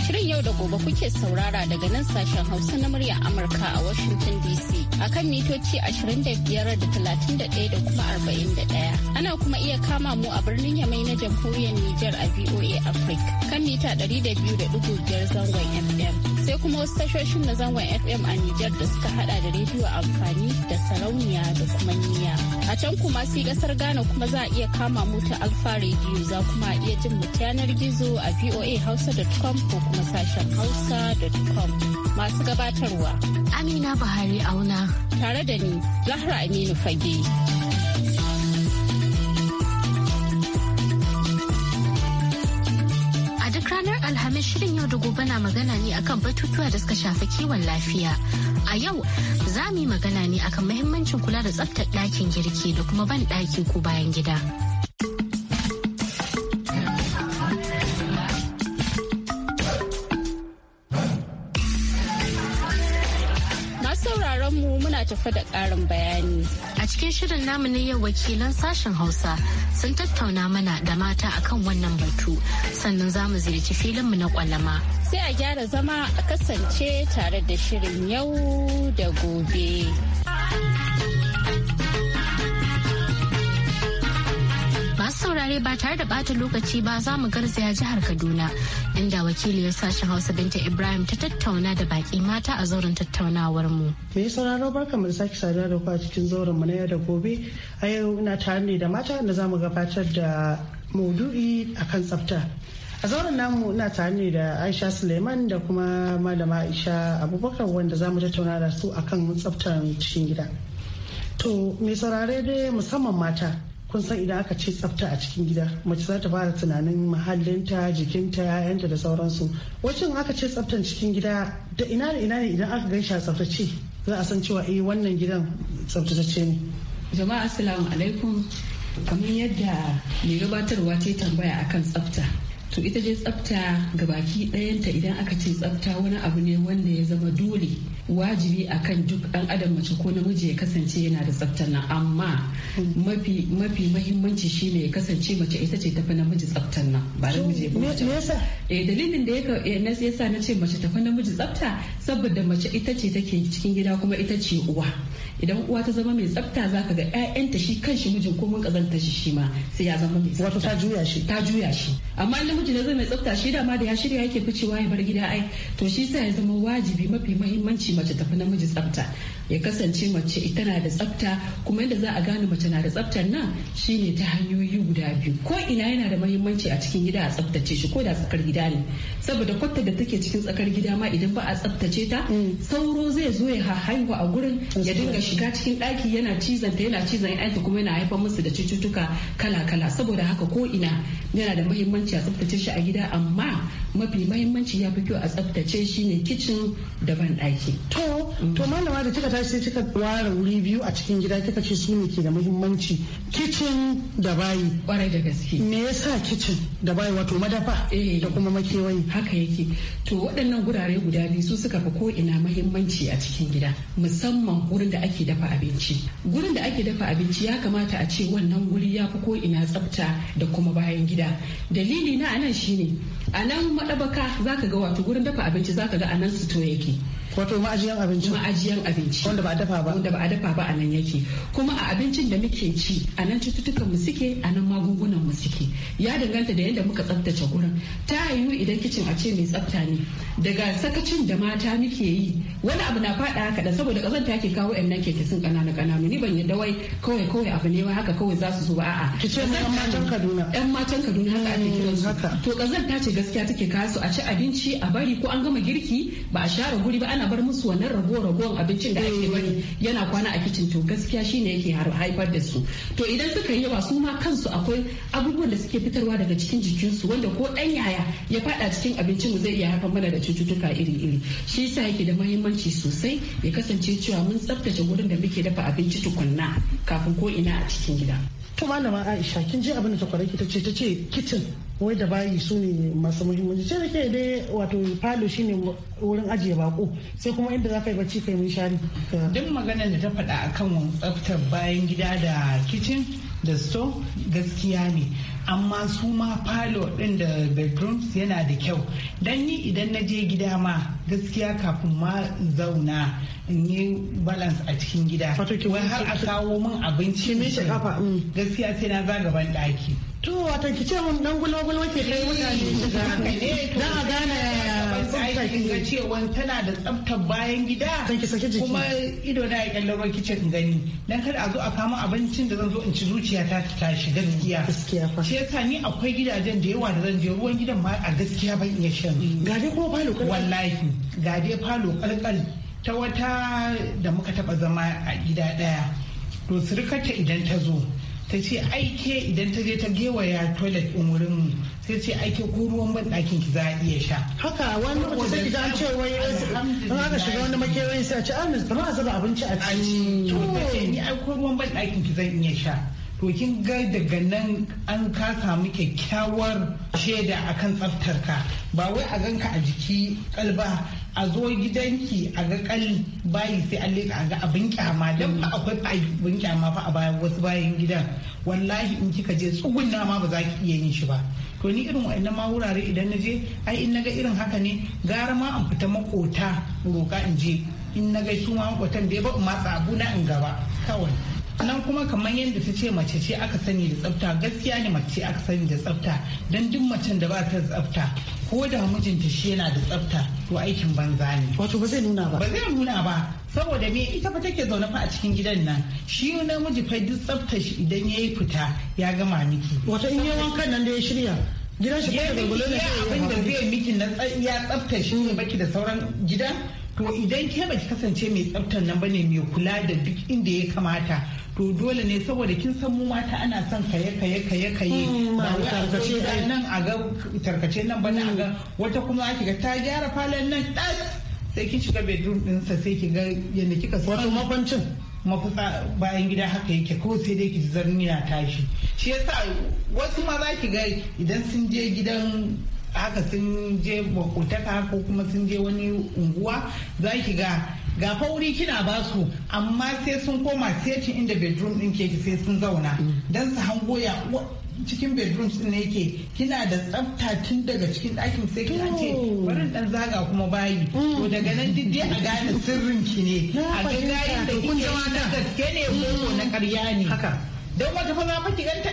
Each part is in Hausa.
Shirin yau da gobe kuke saurara daga nan sashen Hausa na murya Amurka a Washington DC a kan mitoci 25 da 31 da kuma 41. Ana kuma iya kama mu a birnin Yamai na jamhuriyar Nijar a VOA Africa kan mita 200.5 zangon FM. kuma wasu tashoshin na zangon FM a Nijar da suka hada da rediyo amfani da sarauniya da kuma niya. A can kuma sai gasar Ghana kuma za a iya kama mu Alfa rediyo za kuma iya jin mu yanar gizo a voa Hausa.com ko kuma sashen hausa.com. Masu gabatarwa. Amina Buhari Auna. Tare da ni, Zahra Aminu Fage. gobe na magana ne akan batutuwa da suka shafi kiwon lafiya. A yau za mu yi magana ne akan mahimmancin kula da tsaftar ɗakin girki da kuma ban ɗaki ko bayan gida. tafi da ƙarin bayani. A cikin shirin namu na yau wakilan sashen Hausa sun tattauna mana da mata akan wannan batu sannan za mu ziyarci filinmu na kwalama. Sai a gyara zama a kasance tare da shirin yau da gobe. saurare ba tare da bata lokaci ba za mu garzaya jihar Kaduna inda wakiliyar sashen Hausa Binta Ibrahim ta tattauna da baki mata a zauren tattaunawar mu. Me sauraro barka da sake saduwa da ku a cikin zauren mu na yau da gobe. A yau ina tare ne da mata da za mu gabatar da maudu'i akan tsafta. a zauren namu ina tare ne da aisha suleiman da kuma malama aisha abubakar wanda za mu tattauna da su akan tsaftar cikin gida to mai saurare dai musamman mata kun san idan aka ce tsafta a cikin gida mace za ta fara tunanin mahallinta jikinta yayanta da sauransu wacin aka ce tsaftan cikin gida da ina da ina ne idan aka a tsaftace za a san cewa eh wannan gidan tsaftace ne jama'a assalamu alaikum kamar yadda mai gabatarwa ta tambaya akan tsafta to ita dai tsafta ga baki ɗayanta idan aka ce tsafta wani abu ne wanda ya zama dole wajibi akan duk ɗan adam mace ko namiji ya kasance yana da tsaftar nan amma mafi mafi mahimmanci shine ya kasance mace ita ce tafi namiji tsaftar nan ba namiji ya mace e, dalilin da ya eh, sa na ce mace tafi namiji tsafta saboda mace ita ce take cikin gida kuma ita ce uwa idan uwa ta zama mai tsafta za ka ga ƴaƴanta shi kanshi mijin ko mun kazanta shi shi ma sai ya zama mai tsafta wato ta juya shi ta juya shi amma namiji na zai mai tsafta shi dama da ya shirya yake ficewa ya bar gida ai to shi sa ya zama wajibi mafi mahimmanci mace tafi namiji tsafta ya kasance mace na da tsafta kuma yadda za a gane mace na da tsaftar nan shine ta hanyoyi guda biyu ko ina yana da mahimmanci a cikin gida a tsaftace shi ko da tsakar gida ne saboda kwatta da take cikin tsakar gida ma idan ba a tsaftace ta mm. sauro zai zo ya haihu a gurin ya dinga shiga cikin ɗaki yana cizon ta yana cizon ɗaki kuma yana haifar musu da cututtuka kala-kala saboda haka ko ina yana da mahimmanci a tsaftace tsaftace shi a gida amma mafi mahimmanci ya fi kyau a tsaftace shi ne kicin da ban ɗaki. To to malama da kika tashi sai kika ware wuri biyu a cikin gida kika ce su ne ke da muhimmanci kitchen da bayi kwarai da gaske me yasa kitchen da bayi wato madafa eh. da kuma makewayi haka yake to waɗannan gurare guda biyu su suka fi ko ina muhimmanci a cikin gida musamman wurin da ake dafa abinci gurin da ake dafa abinci ya kamata a ce wannan guri ya fi ko ina tsafta da kuma bayan gida dalili na anan shine a nan madabaka zaka ga wato gurin dafa abinci zaka ga anan suto yake wato ma'ajiyan abinci ma'ajiyan abinci wanda ba a dafa ba wanda ba a dafa ba a nan yake kuma a abincin da muke ci a nan cututtukan mu suke a nan magungunan mu suke ya danganta da yadda muka tsaftace gurin ta yiwu idan kicin a ce mai tsafta ne daga sakacin da mata muke yi wani abu na faɗa haka da saboda ta ke kawo yan nan keke sun kanana ƙananu ni ban yadda wai kawai kawai abu ne wai haka kawai za su zo ba a'a ki ce yan matan Kaduna yan matan Kaduna haka ake kiran su mm, to ta ce gaskiya take kasu a ci abinci a bari ko an gama girki ba a share guri ba ana bar musu wannan rago-ragon abincin da ake bari yana kwana a kicin to gaskiya shi ne yake haifar da su to idan suka yi yawa su ma kansu akwai abubuwan da suke fitarwa daga cikin jikinsu wanda ko dan yaya ya fada cikin abincin mu zai iya haifar mana da cututtuka iri-iri shi yasa yake da mahimmanci sosai ya kasance cewa mun tsaftace wurin da muke dafa abinci tukunna kafin ko ina a cikin gida kuma malama Aisha kin je abin da ta kwarai ta ce ta ce kitchen wai da bayi su ne masu muhimmanci sai da ke dai wato falo ne wurin ajiye bako sai kuma inda za ka yi bacci kai mun shari duk maganar da ta faɗa akan tsaftar bayan gida da kicin da sto gaskiya ne amma su ma falo ɗin da bedrooms yana da kyau don ni idan na je gida ma gaskiya kafin ma zauna in yi balance a cikin gida wai har a kawo min abinci mm. gaskiya sai na zagaban ɗaki to wata ki ce mun dan gulo ke kai eh, mutane da a gane ya ga cewa tana da tsaftar bayan gida kuma ido na ya kallon ruwan kicin gani dan kada a zo a kama abincin da zan zo in ci zuciya ta ta tashi gaskiya ce yasa ni akwai gidajen da yawa da zan je ruwan gidan ma a gaskiya ban iya shan mm. ga dai kuma falo kalkal wallahi ga dai falo kalkal ta wata da muka taba zama a gida daya to surukarta idan ta zo ta ce aike idan ta je ta gewaya toilet din wurin mu sai ce aike ko ruwan ban ɗakin ki za a iya sha haka wani lokaci sai ki an ce wai an aka shiga wani makewayi sai a ce amis ba za a zuba abinci a ci to ni ai ko ruwan ban ɗakin ki zan iya sha to kin ga daga nan an ka samu kyakkyawar shaida akan tsaftarka ba wai a ganka a jiki kalba a zo gidanki a ga kal bayi sai an leka a ga abin kyama dan ba akwai abin kyama fa a bayan wasu bayan gidan wallahi in kika je tsugunna ma ba za ki iya yin shi ba to ni irin wa'annan ma wurare idan na je ai in naga irin haka ne gara ma an fita makota roka in je in naga su ma makotan da ya ba in matsa abu na in gaba kawai nan kuma kamar yadda ta ce mace ce aka sani da tsafta gaskiya ne mace ce aka sani da tsafta don duk macen da ba ta tsafta ko da mijinta shi yana da tsafta to aikin banza ne wato ba zai nuna ba ba zai nuna ba saboda me ita fa take zaune fa a cikin gidan nan shi namiji fa duk tsafta shi idan yayi fita ya gama miki wato in yi wankan nan da ya shirya gidan shi ba da gulo ne abin da zai miki na ya tsafta shi ne baki da sauran gidan to idan ke baki kasance mai tsaftar nan bane mai kula da duk inda ya kamata to dole ne saboda kin san mu mata ana son kaye kaye kaye kaye hmm, ba wai tarkace nan a ga tarkace nan ba na ga hmm. wata kuma ake ga ta gyara falon nan ɗas sai ki shiga bedroom ɗinsa sai ki ga yanda kika san wato mafancin mafusa bayan gida haka yake ko sai dai ki zarni na tashi shi yasa wasu ma za ki ga idan sun je gidan haka sun je makotaka ko kuma sun je wani unguwa za ki ga ga fauri kina ba su amma sai sun koma setin inda bedroom din ke sai sun zauna mm. don su hango ya cikin bedrooms din yake kina da tsafta tun daga cikin ɗakin sai kina ce barin dan zaga kuma bayi mm. to daga nan duk dai a gane sirrin ki ne a ga da kike na gaske ne ko na mm. ƙarya ne don wata fa ki ganta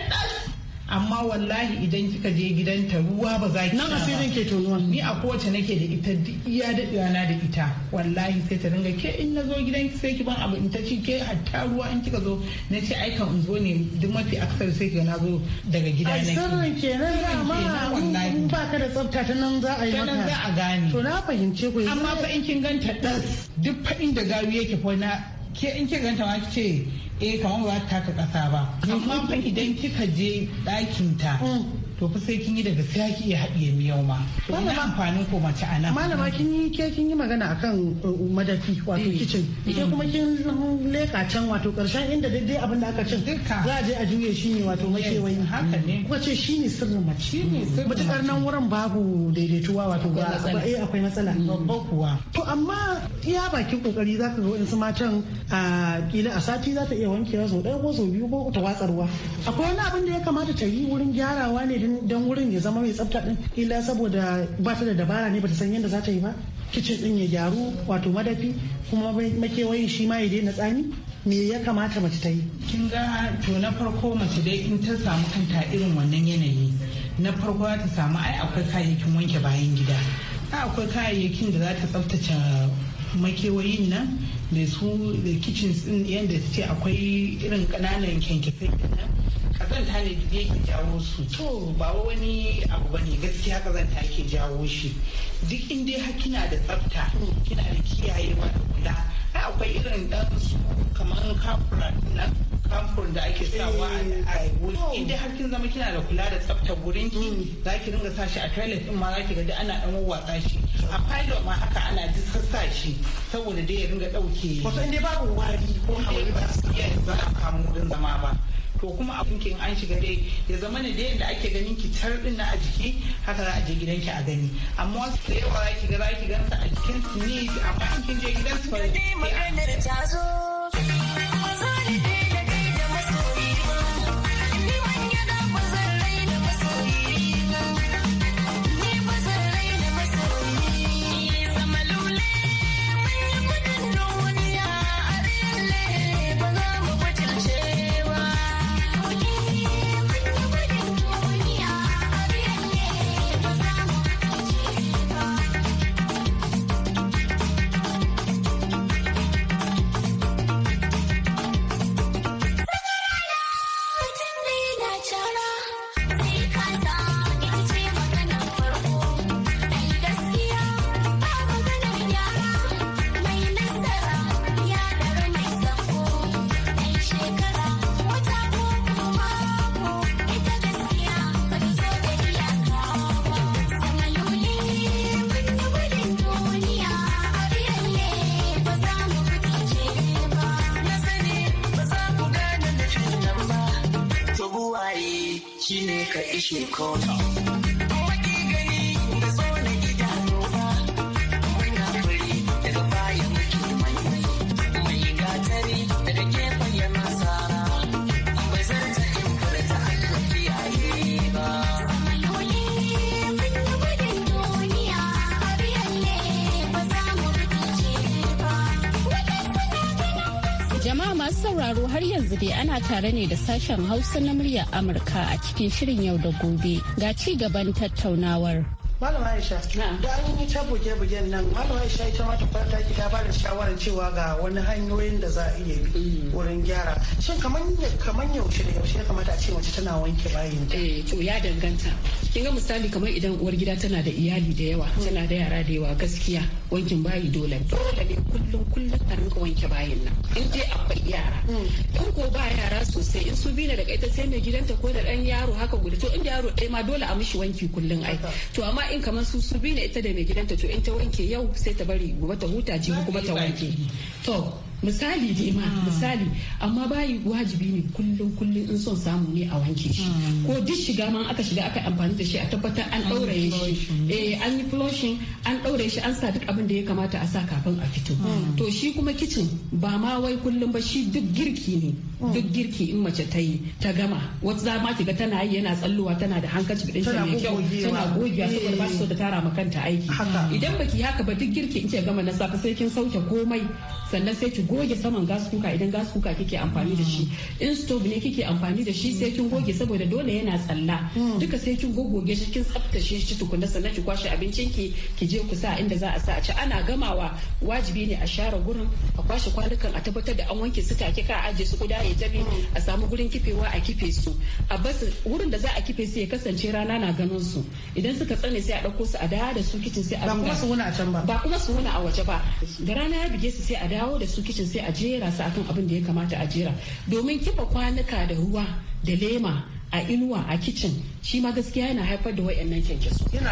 amma wallahi idan kika je gidanta ruwa ba za ki nan asirin ke tonuwa ni a kowace nake da ita duk iya daɗewa na da ita wallahi sai ta dinga ke in na zo ki sai ki ban abu in ta ci ke hatta ruwa in kika zo na ce ai kan in zo ne duk mafi aksar sai ki na zo daga gida na ki ke kenan za ma in ba ka da tsafta ta nan za a yi maka za a gane to na fahimce ku amma fa in kin ganta ɗan duk fa inda gawi yake fa na ke in kika ganta ma ce eh kamar ba ta taka kasa ba amma fa idan kika je ɗakin ta mm. to fa sai kin yi daga sai ki iya haɗiye miyau ma ina amfanin ko mace a nan malama kin yi ke kin yi magana akan uh, madafi wato eh. kitchen ke mm. kuma kin leka can wato karshen inda daidai abin da aka cin za a je a juye shi ne wato mashewayi haka ne kuka ce shi ne sirrin mace shi ne sirrin mace nan wurin babu daidaituwa wato ba eh akwai matsala mm. babban kuwa to amma iya bakin kokari ka ga wasu matan a kila a sati za ta iya wankewa sau ɗaya ko sau biyu ko ta watsarwa akwai wani abin da ya kamata ta yi wurin gyarawa ne in don wurin ya zama mai tsafta din illa saboda ba ta da dabara ne ba ta san yadda za ta yi ba kicin din ya gyaru wato madafi kuma makewayin shi ma ya daina tsami me ya kamata mace ta yi kin ga to na farko mace dai in ta samu kanta irin wannan yanayi na farko za ta samu ai akwai kayayyakin wanke bayan gida akwai kayayyakin da za ta tsaftace makewayin nan da su da kitchens din yadda su akwai irin ƙananan kyankyasai nan kazanta ne da yake jawo su to ba wani abu bane gaskiya kazanta yake jawo shi duk inda ya kina da tsafta kina da kiyayewa da kula akwai irin dan su kamar kafura nan samfur da ake sawa a wuri eh, oh. in dai har kin zama kina da kula da tsaftar gurin ki mm. za ki dinga sa shi a toilet din ma za ki ga ana dan watsa shi a pilot ma haka ana disassa shi saboda dai ya dinga dauke wato in dai babu wari ko hawaye ba su iya za a kamu din zama ba to kuma abin kin an shiga dai ya zama ne da ake ganin ki tar din na a jiki haka za a je gidanki a gani amma wasu da yawa za ki ga za ki gansa a jikin su ne amma in kin je gidan su ba ka ishe kota. sauraro har yanzu dai ana tare ne da sashen hausa na murya amurka haka a cikin shirin yau da gobe ga ci gaban tattaunawar. malama aisha da an yi ta buge-bugen nan malama aisha ita ma ta ta ba da shawarar cewa ga wani hanyoyin da za a iya bi mm. wurin gyara shin kaman yaushe da yaushe ya kamata a ce mace tana wanke bayin ta eh to ya danganta kin ga misali kamar idan uwar gida tana da iyali da yawa mm. tana da yara da yawa gaskiya wankin bayi dole dole ne kullum kullum a rinka wanke bayin nan in dai akwai yara mm. in ko ba yara sosai in su bi da kai ta sai mai gidanta ko da dan yaro haka guda to in da yaro ɗaya ma dole a mishi wanki kullum ai to amma in kamar su su bi ne ita da mai gidanta to in ta wanke yau sai ta bari gobe ta huta ji kuma ta wanke to misali dai ma ah. misali amma bayi wajibi ne kullum kullum in son samu ne a wanke shi ah. ko duk shiga ma aka shiga aka amfani da shi a tabbatar an ɗauraye shi eh an yi flushing an ɗauraye shi an sa duk abin da ya kamata a sa kafin a fito ah. to shi kuma kicin ba ma wai kullum ba shi duk girki ne duk girki in mace ta yi ta gama wata za ma kiga tana yi yana tsalluwa tana da hankaci ɗin shi mai kyau tana gogewa saboda ba so da eh. tara ma kanta aiki idan baki haka ba duk girki in ce gama na safe sai kin sauke komai sannan sai ki goge saman gas kuka idan gas kuka kike amfani da shi in stove ne kike amfani da shi sai kin goge saboda dole yana tsalla duka sai kin goge shi kin tsaftace shi tukunna sannan ki kwashe abincin ki ki je ku sa inda za a sa a ci ana gamawa wajibi ne a share gurin a kwashe kwanukan a tabbatar da an wanke su take ka aje su guda ya tabi a samu gurin kifewa a kife su a basu wurin da za a kife su ya kasance rana na ganin su idan suka tsane sai a dauko su a dawo da su kicin sai a ba kuma su wuna a can ba ba kuma su wuna a waje ba da rana ya bige su sai a dawo da su kicin kicin sai a jera su akan abin da ya kamata a jera domin kifa kwanuka da ruwa da lema a inuwa a kicin shi ma gaskiya yana haifar da wayannan kyankyasu yana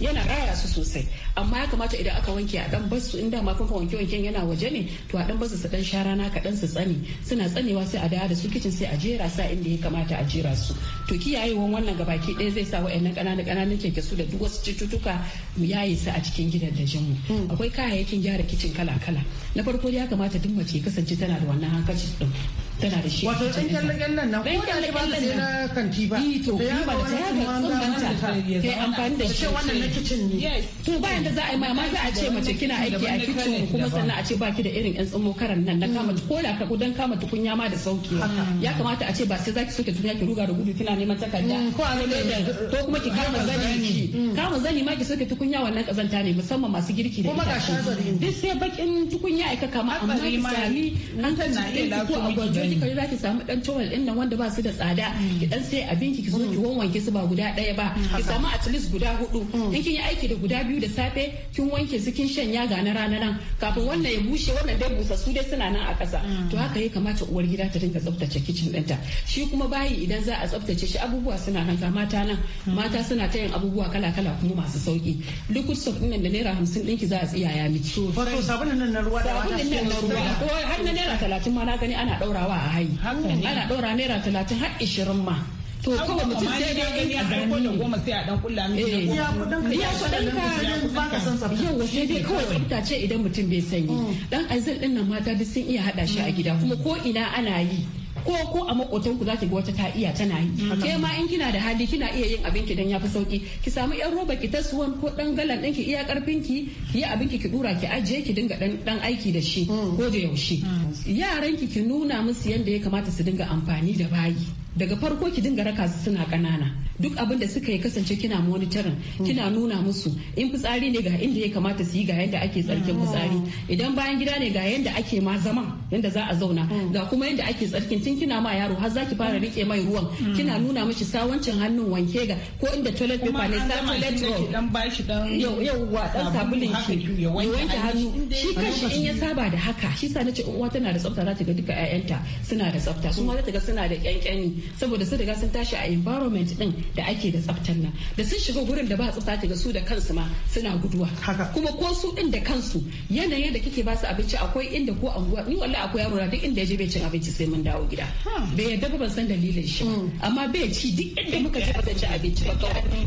yana raya su sosai amma ya kamata idan aka wanke a dan basu in dama fanfa wanke wanken yana waje ne to a dan basu su dan sha rana kaɗan su tsani suna tsanewa sai a dawo da su kicin sai a jera sa inda ya kamata a jera su to kiyayewan wannan gabaki ɗaya zai sa wa'annan ƙananan ƙananan keke su da duk wasu cututtuka mu yaye su a cikin gidan da jinmu hmm. akwai kayayyakin gyara kicin kala kala na farko ya kamata duk mace kasance tana da wannan hankacin tana da shi wato ɗan kyallen nan ko eh da ba ta na kanti ba to ya ba ta ya ga tsumbanta kai amfani da shi wannan na kitchen ne to bayan da za a yi mama za a ce mace kina aiki a kitchen kuma sannan a ce baki da irin yan tsummo karan nan na kama mm. ko da ka gudan kama tukunya ma da sauki ya kamata a ce ba sai zaki soke tukunya ki ruga da gudu kina neman takarda mm, ko a ko kuma ki kama zani ki mm. kama zani ma ki soke tukunya wannan kazanta ne musamman masu girki da kuma ga shazari duk sai bakin tukunya aika kama amma ki sami na iya lafiya in kika za ki samu dan towel din nan wanda ba su da tsada mm. ki dan sai abin ki zo ki mm. wanke su ba guda daya ba ki samu at least guda hudu mm. in kin yi aiki da guda biyu da safe kin wanke su kin shanya ga na rana nan kafin wannan ya bushe wannan dai busa su dai suna nan a kasa to haka ya kamata uwar gida ta dinga tsaftace kicin dinta. shi kuma bayi idan za a tsaftace shi abubuwa suna nan ga mata nan mata suna ta yin abubuwa kala kala kuma masu sauki liquid soap nan da naira hamsin ki za a tsiyaya miki. to nan na ruwa da wata sabulun nan na ruwa har na naira talatin ma na gani ana ɗaurawa a hayi ana ɗora naira talatin har ishirin ma to kawai mutum sai dai gani a dan da goma sai a dan kulla miki ya kudin ka ya ka ba ka san sabbi yau sai dai kawai tsafta ce idan mutum bai sanyi mm. dan azil din nan mata duk sun iya hada shi a gida kuma ko ina ana yi ko ko a makotan ku zaki ga wata ta iya tana yi mm. ke ma in kina da hali kina iya yin abin ki dan fi sauki ki samu yan roba ki ta suwan ko dan galan ki iya karfin ki ki yi abin ki ki dura ki ajiye ki dinga dan dan aiki da shi mm. ko da yaushe mm. Yaranki ki ki nuna musu yanda ya kamata su dinga amfani da bayi daga farko ki dinga raka su suna kanana duk abin da suka yi kasance kina monitorin kina nuna musu in fitsari ne ga inda ya kamata su yi ga yadda ake tsarkin fitsari idan bayan gida ne ga yadda ake ma zama yadda za a zauna ga kuma yadda ake tsarkin tun kina ma yaro har zaki fara rike mai ruwan kina nuna mishi sawancin hannun wanke ga ko inda toilet paper ne sa toilet roll dan bashi dan yau yau wa dan sabulin shi ya wanke hannu shi kashi in ya saba da haka shi sa nace uwa tana da tsafta za ta ga duka ƴaƴanta suna da tsafta su ma za ta ga suna da kyankyani saboda sun riga sun tashi a environment din da ake da tsaftar nan da sun shiga gurin da ba tsafta ga su da kansu ma suna guduwa kuma ko su din da kansu yanayin da kike ba su abinci akwai inda ko anguwa ni wallahi akwai yaro na duk inda ya je bai cin abinci sai mun dawo gida bai yadda ba ban san dalilin shi mm. amma bai ci duk inda muka je ba ci abinci ba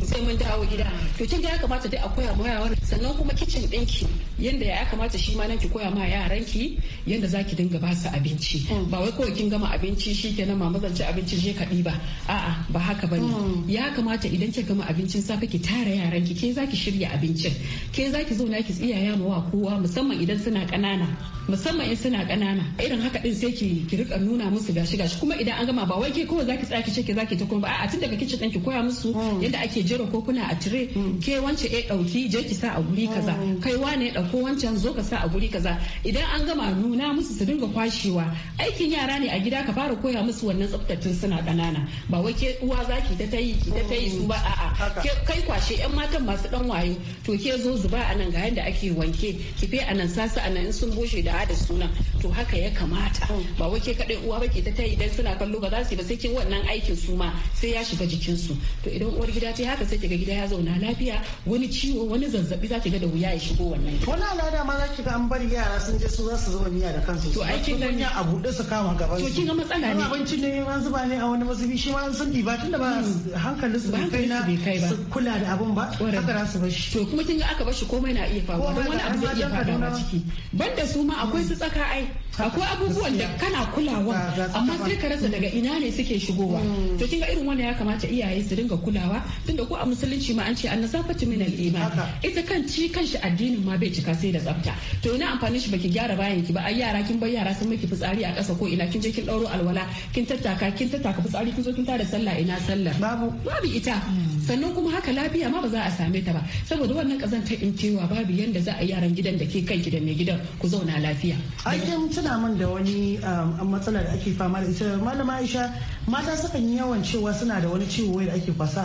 sai mun dawo gida to kin ga ya kamata dai a koya ma sannan kuma kicin ɗinki yanda ya kamata shi ma nan ki koya ma yaranki yanda zaki dinga ba su abinci mm. ba wai kawai kin gama abinci shikenan mama zan ci abinci je ka ɗiba a'a ba haka ba ne hmm. ya kamata idan ki gama abincin safe ki tara yaran ki ke zaki shirya abincin ke zaki zauna ki tsiyaya wa kowa musamman idan suna ƙanana musamman in suna kanana irin haka din sai ki ki rika nuna musu gashi gashi kuma idan an gama ba wai ke kowa zaki tsaya ki ce ki zaki ta kuma a'a tun daga kicin ɗan ki koya musu hmm. yadda ake jera kokuna a tire hmm. ke wance ya ɗauki je ki sa a guri kaza kai wane ɗauko wancan zo ka sa a guri kaza idan an gama nuna musu su dinga kwashewa aikin yara ne a gida ka fara koya musu wannan tsaftacin suna ƙanana ba wai ke uwa zaki ta yi ki ta yi su ba a'a kai kwashe yan matan masu dan wayo to ke zo zuba a nan ga yadda ake wanke ki fe a nan sasa a nan in sun bushe da hada sunan to haka ya kamata mm. ba wai ke kadai uwa ba ke ta yi dan suna kallo ba za su yi ba sai kin wannan aikin su ma sai ya shiga jikin su to idan uwar gida ta haka sai ga gida ya zauna lafiya wani ciwo wani zazzabi za ki ga da wuya ya shigo wannan wani al'ada ma za ki ga an bari yara sun je su za su miya da kansu to aikin nan ya abu da su kama gaba to kin ga matsala ne abinci ne ma zuba ne a wani mazubi shi ma an san ba tunda ba hankalin su kai na su kula da abun ba haka za su bashi. shi to kuma kin ga aka bashi komai na iya faruwa don wani abu zai iya faruwa ciki banda su ma akwai su tsaka ai akwai abubuwan da kana kulawa amma sai ka rasa daga ina ne suke shigowa hmm. to kin ga irin wannan ya kamata iyaye su dinga kulawa tunda ko a musulunci ma an ce annasafatu min al-iman ita kan ci kanshi addinin ma bai cika sai da tsafta to ina amfanin shi baki gyara bayan ki ba ai yara kin bar yara sun miki fitsari a ƙasa ko ina kin je kin dauro alwala kin tattaka kin tattaka ka fitsari kin zo kin da sallah ina sallah babu babu ita mm. sannan kuma haka lafiya ma ba za a same ta ba saboda wannan kazanta in cewa babu yanda za a yaran gidan da ke kan gidan mai gidan ku zauna lafiya Aikin tana tuna min da wani um, matsalar da ake fama da ita malama Aisha mata sukan yi yawan cewa suna da wani ciwo da ake kwasa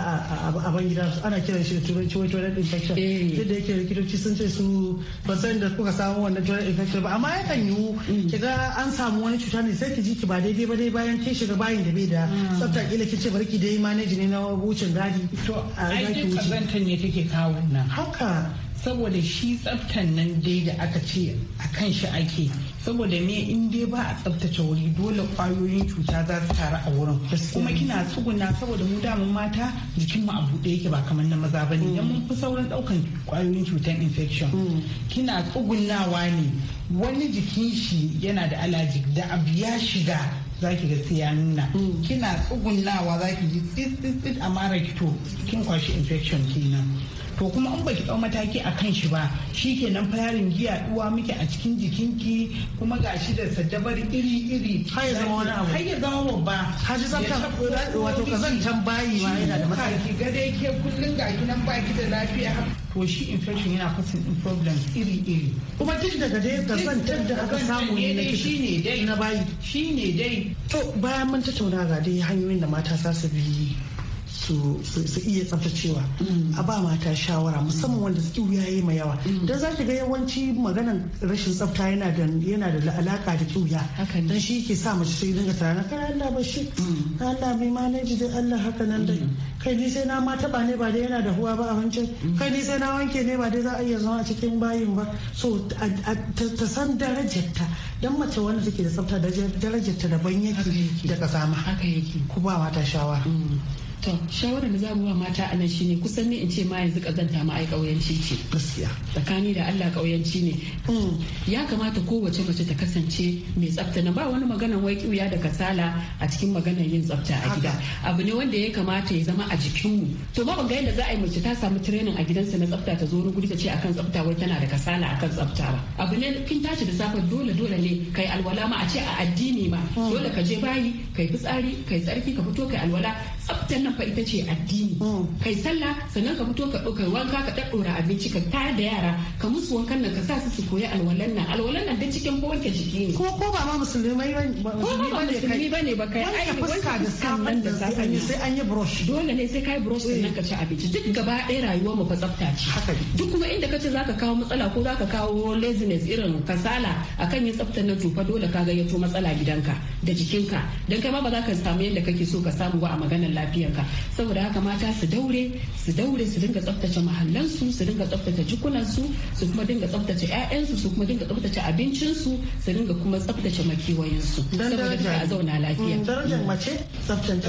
a ban ana kiran shi da turanci wai toilet infection yadda eh. yake likitoci sun ce su ba da kuka samu wannan toilet infection ba amma yakan yiwu mm. kiga an samu wani cuta ne sai ki ji ki ba daidai ba dai bayan kin shiga bayin da bai da mm. tsafta kila kice ki dai manage ne na wucin gadi to to ne take kawo nan haka saboda shi tsaftan nan dai da aka ce a kan shi ake saboda me in dai ba a tsaftace wuri dole kwayoyin cuta za su taru a wurin kuma kina tsuguna saboda mu damun mata jikin mu a buɗe yake ba kamar na maza bane ne mm. mun fi saurin daukan kwayoyin cutar infection mm. kina tsugunawa ne wani jikin shi yana da allergic da abu ya shiga za ki ga sai ya nuna kina tsugunnawa za ki ji tsit tsit a mara kito kin kwashi infection kenan to kuma in baki dau mataki a kan shi ba shikenan fa yarin giya duwa miki a cikin jikinki kuma gashi da sadabar iri iri har ya zama wani abu har ya zama babba har ji tsafta wato can bayi ma yana da matsala ki ga dai ke kullun gaki nan baki da lafiya to shi infection yana in problem iri iri kuma duk daga dai kazantar da aka samu ne na ne dai na bayi shi ne dai to bayan mun tattauna ga dai hanyoyin da mata za su bi su iya tsaftacewa a ba mata shawara musamman wanda suke ya yi mai yawa mm. don za ga yawanci maganan rashin tsafta yana da yana da alaka da kiuya dan shi ke sa mace sai dinga tana kai Allah ba shi mm. Allah bai na ji Allah haka nan dai mm. kai ni sai na ma taba ne ba dai yana da huwa ba a wancan kai ni sai na wanke ne ba dai za a iya zama a cikin bayin ba so ta san darajarta dan mace wanda take da tsafta darajarta daban yake da kasama haka yake ku ba mata shawara To shawarar da za ba mata a nan shine kusan ne in ce ma yanzu kazanta ma ai kauyanci ce. Gaskiya. Tsakani da Allah kauyanci ne. Mm, ya kamata kowace mace ta kasance mai tsafta na ba wani maganan wai kiuya da kasala a cikin maganar yin tsafta a gida. Abu ne wanda ya kamata ya zama a jikinmu. To ma ga yadda za a yi mace ta samu training a gidansa na tsafta ta zo wani guri ta ce akan tsafta wai tana da kasala akan tsafta ba. Abu ne kin tashi da safe dole dole ne kai alwala ma a ce a addini ma mm. dole ka je bayi kai fitsari kai tsarki ka fito kai alwala tsaftar nan fa ita ce addini mm. kai sallah sannan ka fito ka ɗauka wanka ka ɗaɗɗora abinci ka tayar da yara ka musu wankan nan ka sa su su koyi alwalan nan alwalan nan da cikin wanke jiki ne ko ko ba ma musulmai ba ne ba musulmi ba ne ba kai ai wanka da sannan da safa sai an yi brush dole ne sai kai brush sannan ka ci abinci duk gaba ɗaya rayuwar mu fa tsafta ce duk kuma inda ka kace zaka kawo matsala ko zaka kawo laziness irin kasala akan yin tsaftar nan tufa fa dole ka gayyato matsala gidanka da jikinka dan kai ma ba za ka samu yadda kake so ka samu ba a maganar lafiya lafiyarka saboda haka mata su daure su daure su dinga tsaftace mahallansu su dinga tsaftace jikunansu su kuma dinga tsaftace 'ya'yansu su kuma dinga tsaftace abincinsu su dinga kuma tsaftace makiwayensu saboda ta zauna lafiya mm, darajar mm. mace tsaftace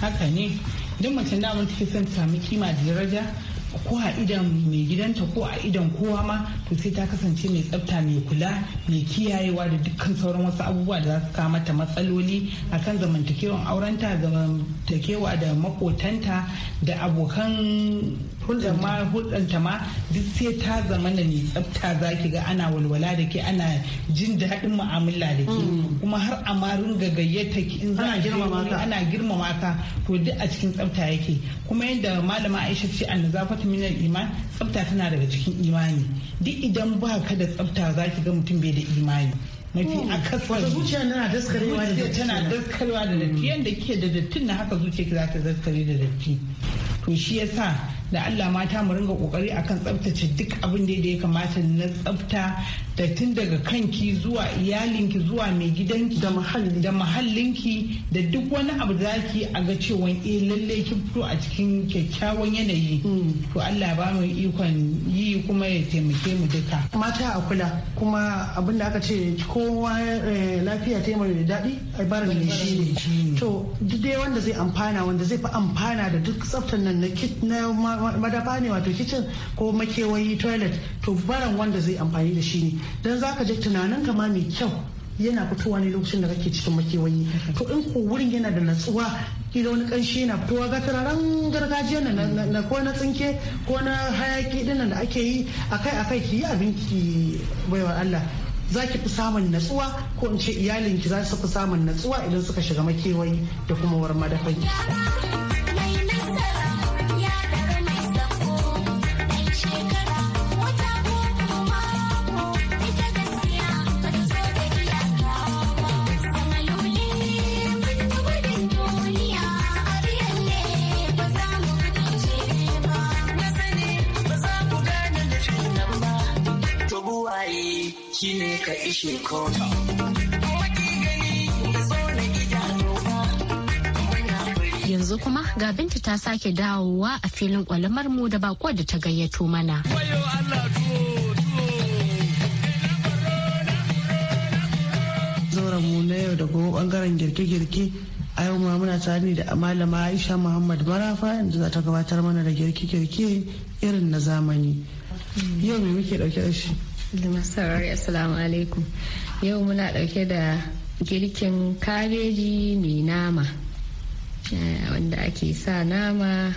haka ne duk mace na mun take son ta samu kima da daraja ko a idan mai gidanta ko a idan kowa ma to sai ta kasance mai tsafta mai kula mai kiyayewa da dukkan sauran wasu abubuwa da za su kawo mata matsaloli akan zamantakewan aurenta zamantakewa da makotanta da abokan hulɗar ma hulɗanta ma duk sai ta zama na mai tsafta za ki ga ana walwala da ke ana jin daɗin mu'amala da ke hmm. kuma har a ma ringa gayyata ki in za ana girmama ka to duk a cikin tsafta yake kuma yadda malama Aisha ce an ta minar iman tsafta tana daga cikin imani duk idan ba ka da tsafta za ki ga mutum bai da imani mafi hmm. akasari zuciya tana daskarewa da tana daskarewa da datti hmm. yadda ke da dattin na haka zuciya ki za ta daskare da datti to shi yasa da Allah mata mu ringa kokari akan tsaftace duk abin da ya kamata na tsafta da tun daga kanki zuwa iyalinki zuwa mai gidanki da muhallinki. da muhallinki da duk wani abu zaki a ga cewa eh lalle ki fito a cikin kyakkyawan yanayi hmm. to Allah ba mu ikon yi kuma ya taimake mu duka mata a kula kuma abin da aka ce kowa eh, lafiya ta yi da daɗi a bar ne shi ne to duk dai wanda zai amfana wanda zai fi amfana da duk tsaftar nan na kit na madafa ne wato kitchen ko makewayi toilet to baran wanda zai amfani da shi ne don za ka je tunanin kama mai kyau yana fitowa ne lokacin da kake cikin makewayi to in ko wurin yana da natsuwa kila wani kanshi yana fitowa ga turaren gargajiya na, na, ko na tsinke ko na hayaki dinnan da ake yi akai akai ki yi abin ki baiwa Allah za ki fi samun natsuwa ko in ce iyalinki za su fi samun natsuwa idan suka shiga makewayi da kuma war madafai. shine ka ishe kota. yanzu kuma ga binta ta sake dawowa a filin kwalamar mu da bako da ta gayyato mana. mu na yau da gobe bangaren girke-girke a yau ma muna tare da malama aisha muhammad marafa yanzu za ta gabatar mana da girke-girke irin na zamani yau me muke dauke da shi Assalamu alaikum. Yau muna ɗauke da girkin kabeji mai nama eh, wanda ake sa nama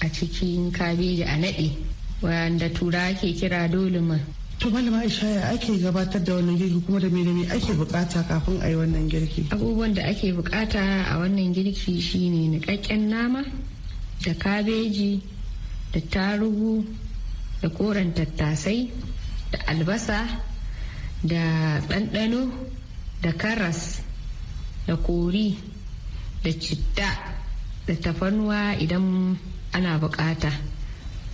a cikin kabeji a naɗe wanda tura ake kira doluman. To malama Aisha ake gabatar da wannan girki kuma da menene ake bukata kafin a yi wannan girki? Abubuwan da ake bukata a wannan girki shine niƙaƙƙen nama da kabeji da tarugu da koren tattasai da albasa da ɗanɗano da karas da kori da citta da tafanuwa idan ana bukata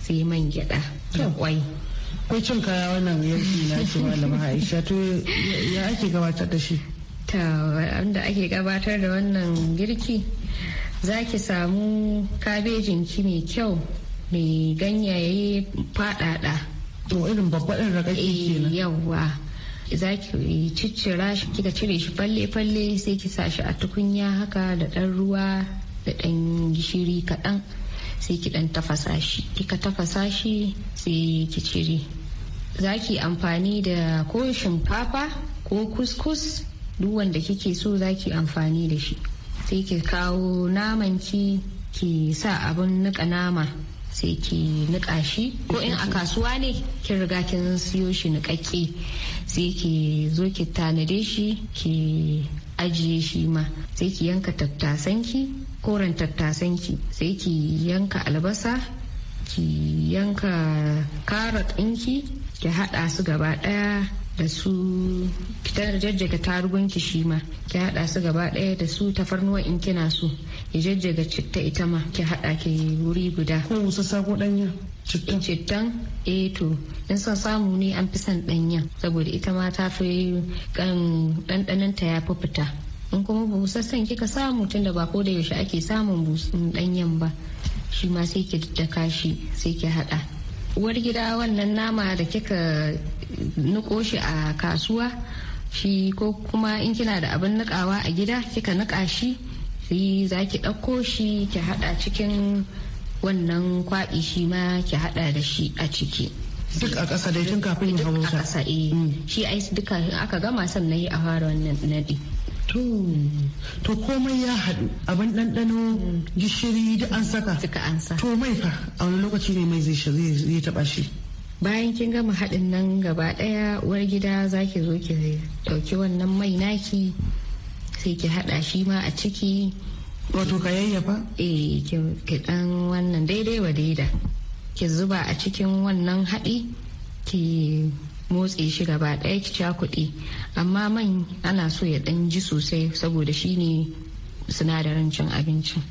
sai man gyada da kwai ko cin kaya wannan yanki na ce malama aisha to ya ake gabatar da shi ta wanda ake gabatar da wannan girki za ki samu kabejin ki mai kyau mai ganyaye fadada to irin babba din ragaki eh, kenan yawwa za ciccira shi kika cire shi falle falle sai ki sa shi a tukunya haka da ɗan ruwa da ɗan gishiri kaɗan sai ki ɗan tafasa shi kika tafasa shi sai ki cire za ki amfani da ko shinkafa ko kuskus duk wanda kike so za ki amfani da shi sai ki kawo naman ki ki sa abun nika nama sai ki niƙa shi ko in a kasuwa ne kin riga kin siyo shi nikakke sai ki zo ki tanade shi ki ajiye shi ma sai ki yanka tattasanki koren tattasanki sai ki yanka albasa ki yanka karot ɗinki ki haɗa su gaba ɗaya da su ki jajjaga tarugunki shi ma ki haɗa su gaba ɗaya da su tafarnuwa in kina so ki jajjaga citta ita ma ki haɗa ki wuri guda ko wasu sako ɗanya eh, cittan eh to in son samu ne an fi son ɗanyen saboda ita ma ta fi dandanan ta ya fi fita in kuma busassan kika samu tunda ba ko da yaushe ake samun ɗanyen ba shi ma sai ki daddaka shi sai ki haɗa uwar gida wannan nama da kika nuko shi a kasuwa shi ko kuma in kina da abin nukawa a gida kika nuka shi sai za ki ɗauko shi ki haɗa cikin wannan kwaɓi shi ma ki haɗa da shi a ciki. duk a ƙasa dai tun kafin ya hawo a ƙasa eh mm. shi ai duka aka gama sannan a fara wannan naɗi. to komai ya haɗu abin ɗanɗano mm. gishiri duk an saka suka an saka to mai fa a wani lokaci ne mai zai zai taɓa shi bayan kin gama haɗin nan gaba ɗaya uwar gida za ki zo ki ɗauki wannan mai naki sai ki hada shi ma a ciki wato ka yayyafa eh ki dan wannan daidai wa daida ki zuba a cikin wannan haɗi ki motsi shi gaba ɗaya ki kuɗi amma man ana so ya ɗan ji sosai saboda shi ne sinadarin cin abinci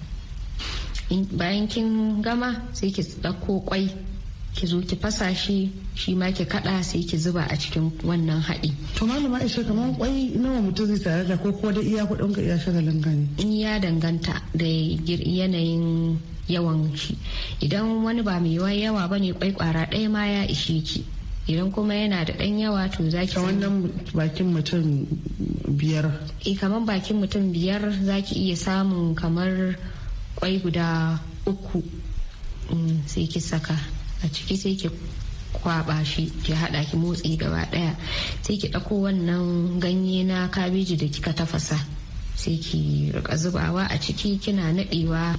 bayan kin gama sai ki ɗauko kwai ki zo ki fasa shi shi ma ki kada sai ki zuba a cikin wannan haɗi. to malama aisha kamar kwai nawa mutum zai tare da ko kuwa da iya kuɗin ka iya shagalin gani. in ya danganta da yanayin yawan shi idan wani ba mai yawa ba ne kwai kwara ɗaya ma ya ishe ki idan kuma yana da ɗan yawa to za ki wannan bakin mutum biyar e eh, kamar bakin mutum biyar za ki iya samun kamar kwai guda uku mm, sai ki saka a ciki sai ki kwaba shi ki hada ki motsi gaba daya sai ki dauko wannan ganye na kabeji da kika tafasa sai ki rika zubawa a ciki kina nadewa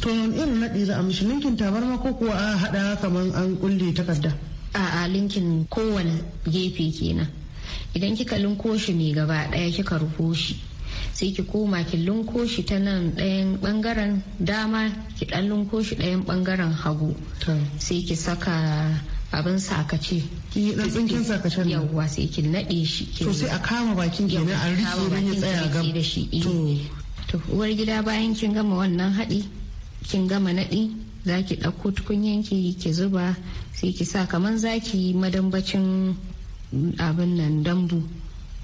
to irin nadi za a mishi linkin tabarma ko kuwa a hada kaman an kulle takarda a a linkin kowane gefe kenan idan kika linko shi ne gaba daya kika rufo shi sai ki koma ki lunko shi ta nan ɗayan ɓangaren dama ki ɗan lunko shi ɗayan ɓangaren hagu sai ki saka abin sakace dan tsinkin sakacen yawwa sai ki naɗe shi to sai a kama bakin kenan a rike ne ya tsaya gam eh. to uwar gida bayan kin gama wannan haɗi kin gama naɗi za ki ɗauko tukunyanki ki zuba sai ki sa kamar za ki madambacin abin nan dambu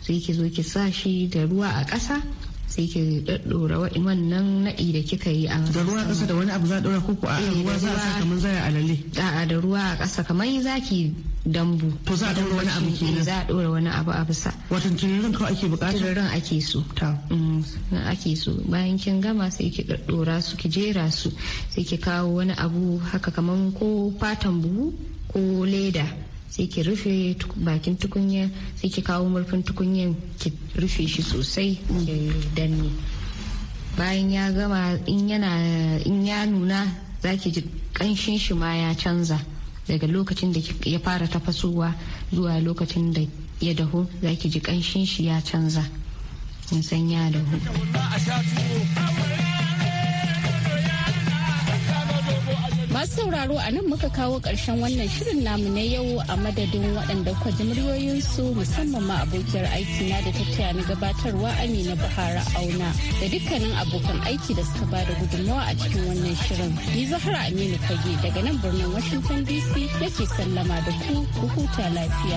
sai ki zo ki sa shi da ruwa a ƙasa sai ki daddora nan naɗi da kika yi a da ruwa ƙasa da wani abu za a ɗora ko a eh, ruwa za a sa kamar zaya alale a'a da ruwa a ƙasa kamar yi dambu to za a ɗora wani abu kenan za a ɗora wani abu a bisa wato tururin kawai ake buƙata tururin ake so ta mm, ake so bayan kin gama sai ki daddora su ki jera su sai ki kawo wani abu haka kamar ko fatan buhu ko leda sai ki rufe bakin tukunya sai ki kawo murfin tukunyar ki rufe shi sosai da danne bayan ya gama in in ya nuna za ki ji kanshin shi ma ya canza daga lokacin da ya fara tafasowa zuwa lokacin da ya dahu za ki ji kanshin shi ya canza in san ya dahu Masu sauraro a nan muka kawo ƙarshen wannan shirin namu na yau a madadin waɗanda kwa muryoyinsu musamman ma abokiyar aiki na da tattaya na gabatarwa Amina Buhari Auna da dukkanin abokan aiki da suka ba da gudunmawa a cikin wannan shirin. Ni Zahra Aminu Fage daga nan birnin Washington DC yake sallama da ku ku huta lafiya.